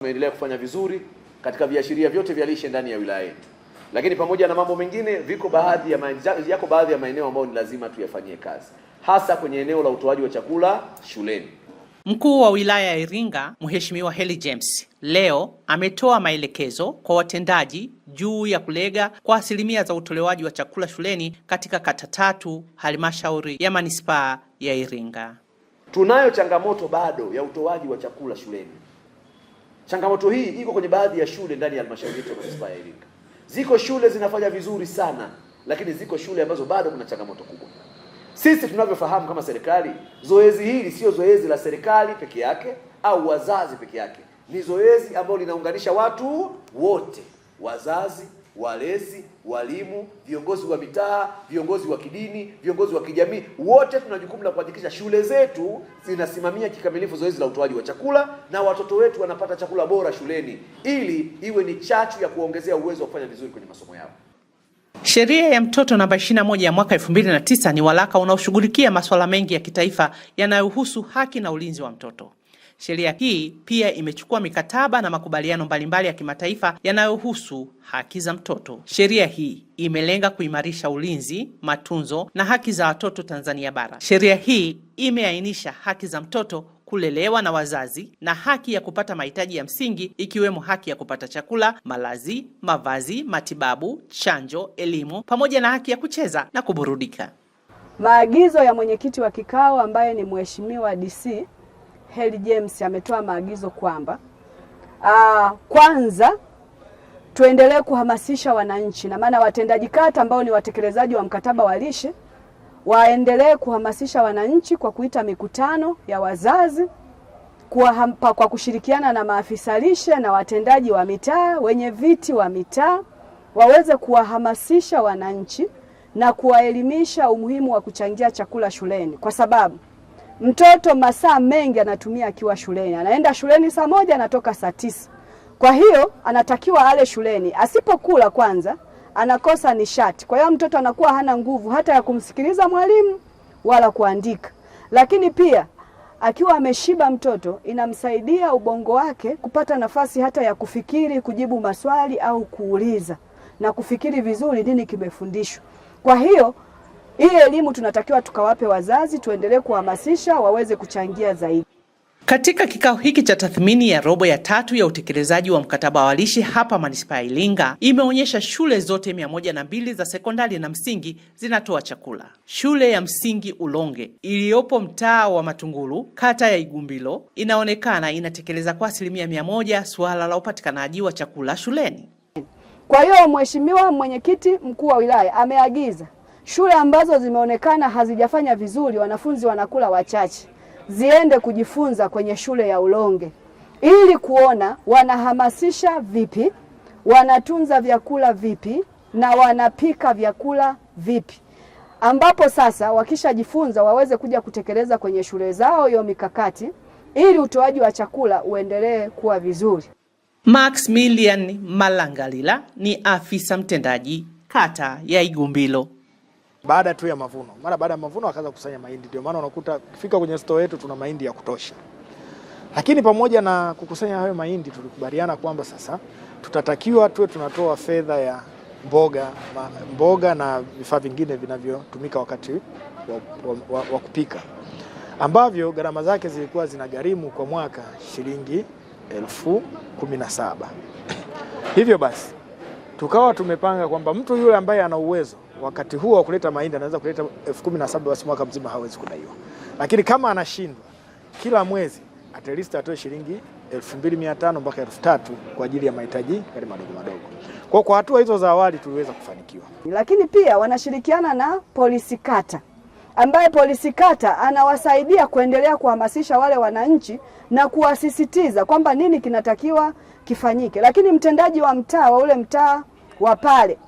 Tumeendelea kufanya vizuri katika viashiria vyote vya lishe ndani ya wilaya yetu, lakini pamoja na mambo mengine, viko baadhi ya yako baadhi ya maeneo ambayo ni lazima tuyafanyie kazi, hasa kwenye eneo la utoaji wa chakula shuleni. Mkuu wa wilaya ya Iringa Mheshimiwa Heli James leo ametoa maelekezo kwa watendaji juu ya kulega kwa asilimia za utolewaji wa chakula shuleni katika kata tatu halmashauri ya manispaa ya Iringa. Tunayo changamoto bado ya utoaji wa chakula shuleni. Changamoto hii iko kwenye baadhi ya shule ndani ya halmashauri yetu ya manispaa ya Iringa. Ziko shule zinafanya vizuri sana, lakini ziko shule ambazo bado kuna changamoto kubwa. Sisi tunavyofahamu kama serikali, zoezi hili sio zoezi la serikali peke yake au wazazi peke yake, ni zoezi ambalo linaunganisha watu wote, wazazi walezi, walimu, viongozi wa mitaa, viongozi wa kidini, viongozi wa kijamii, wote tuna jukumu la kuhakikisha shule zetu zinasimamia kikamilifu zoezi la utoaji wa chakula na watoto wetu wanapata chakula bora shuleni, ili iwe ni chachu ya kuongezea uwezo wa kufanya vizuri kwenye masomo yao. Sheria ya mtoto namba 21 ya mwaka 2009 ni waraka unaoshughulikia masuala mengi ya kitaifa yanayohusu haki na ulinzi wa mtoto. Sheria hii pia imechukua mikataba na makubaliano mbalimbali ya kimataifa yanayohusu haki za mtoto. Sheria hii imelenga kuimarisha ulinzi, matunzo na haki za watoto Tanzania bara. Sheria hii imeainisha haki za mtoto kulelewa na wazazi na haki ya kupata mahitaji ya msingi ikiwemo haki ya kupata chakula, malazi, mavazi, matibabu, chanjo, elimu pamoja na haki ya kucheza na kuburudika. Maagizo ya mwenyekiti wa kikao ambaye ni Mheshimiwa DC heli James ametoa maagizo kwamba aa, ah, kwanza tuendelee kuhamasisha wananchi, na maana watendaji kata ambao ni watekelezaji wa mkataba wa lishe waendelee kuhamasisha wananchi kwa kuita mikutano ya wazazi kwa, kwa kushirikiana na maafisa lishe na watendaji wa mitaa, wenye viti wa mitaa waweze kuwahamasisha wananchi na kuwaelimisha umuhimu wa kuchangia chakula shuleni kwa sababu mtoto masaa mengi anatumia akiwa shuleni. Anaenda shuleni saa moja, anatoka saa tisa. Kwa hiyo anatakiwa ale shuleni, asipokula kwanza anakosa nishati. Kwa hiyo mtoto anakuwa hana nguvu hata ya kumsikiliza mwalimu wala kuandika. Lakini pia akiwa ameshiba mtoto, inamsaidia ubongo wake kupata nafasi hata ya kufikiri, kujibu maswali au kuuliza na kufikiri vizuri nini kimefundishwa. Kwa hiyo hii elimu tunatakiwa tukawape wazazi, tuendelee kuhamasisha waweze kuchangia zaidi. Katika kikao hiki cha tathmini ya robo ya tatu ya utekelezaji wa mkataba wa lishe hapa manispaa ya Iringa imeonyesha shule zote mia moja na mbili za sekondari na msingi zinatoa chakula. Shule ya msingi Ulonge iliyopo mtaa wa Matungulu kata ya Igumbilo inaonekana inatekeleza kwa asilimia mia moja suala la upatikanaji wa chakula shuleni. Kwa hiyo Mheshimiwa Mwenyekiti Mkuu wa Wilaya ameagiza Shule ambazo zimeonekana hazijafanya vizuri, wanafunzi wanakula wachache, ziende kujifunza kwenye shule ya Ulonge ili kuona wanahamasisha vipi, wanatunza vyakula vipi na wanapika vyakula vipi, ambapo sasa wakishajifunza waweze kuja kutekeleza kwenye shule zao hiyo mikakati ili utoaji wa chakula uendelee kuwa vizuri. Maximilian Malangalila ni afisa mtendaji kata ya Igumbilo baada tu ya mavuno. Mara baada ya mavuno akaanza kusanya mahindi, ndio maana unakuta kifika kwenye store yetu tuna mahindi ya kutosha. Lakini pamoja na kukusanya hayo mahindi, tulikubaliana kwamba sasa tutatakiwa tuwe tunatoa fedha ya mboga mboga na vifaa vingine vinavyotumika wakati wa, wa, wa, wa kupika ambavyo gharama zake zilikuwa zinagharimu kwa mwaka shilingi elfu kumi na saba. Hivyo basi tukawa tumepanga kwamba mtu yule ambaye ana uwezo wakati huo wa kuleta mahindi anaweza kuleta elfu kumi na saba basi mwaka mzima hawezi kudaiwa. Lakini kama anashindwa kila mwezi at least atoe shilingi 2500 mpaka 3000 kwa ajili ya mahitaji yale madogo madogo. Kwa kwa hatua hizo za awali tuliweza kufanikiwa. Lakini pia wanashirikiana na polisi kata ambaye polisi kata anawasaidia kuendelea kuhamasisha wale wananchi na kuwasisitiza kwamba nini kinatakiwa kifanyike. Lakini mtendaji wa mtaa wa ule mtaa wa pale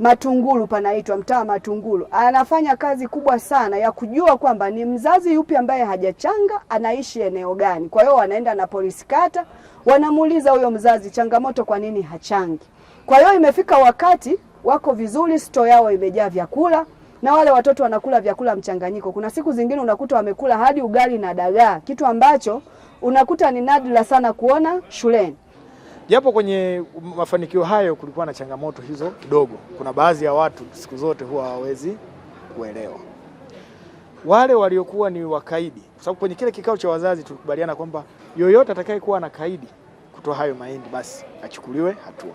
Matungulu panaitwa mtaa Matungulu, anafanya kazi kubwa sana ya kujua kwamba ni mzazi yupi ambaye hajachanga anaishi eneo gani. Kwa hiyo wanaenda na polisi kata, wanamuuliza huyo mzazi changamoto, kwa nini hachangi. Kwa hiyo imefika wakati wako vizuri, sto yao imejaa vyakula na wale watoto wanakula vyakula mchanganyiko. Kuna siku zingine unakuta wamekula hadi ugali na dagaa, kitu ambacho unakuta ni nadra sana kuona shuleni japo kwenye mafanikio hayo kulikuwa na changamoto hizo kidogo. Kuna baadhi ya watu siku zote huwa hawawezi kuelewa wale waliokuwa ni wakaidi, kwa sababu kwenye kile kikao cha wazazi tulikubaliana kwamba yoyote atakayekuwa na kaidi kutoa hayo mahindi basi achukuliwe hatua.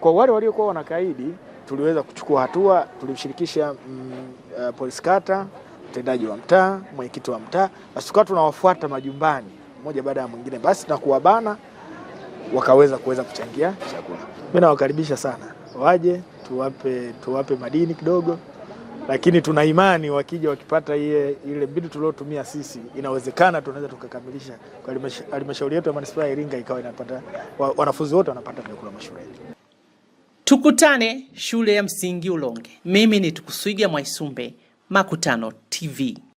Kwa wale waliokuwa wanakaidi, tuliweza kuchukua hatua. Tulimshirikisha mm, uh, eh, polisi kata, mtendaji wa mtaa, mwenyekiti wa mtaa, basi tukawa tunawafuata majumbani moja baada ya mwingine, basi na kuwabana wakaweza kuweza kuchangia chakula. Mimi nawakaribisha sana waje, tuwape tuwape madini kidogo, lakini tuna imani wakija wakipata ile ile mbinu tuliotumia sisi, inawezekana tunaweza tukakamilisha halmashauri yetu ya manispaa ya Iringa ikawa inapata wa, wanafunzi wote wanapata vyakula mashuleni. Tukutane shule ya msingi Ulonge. Mimi ni Tukuswiga Mwaisumbe, Makutano TV.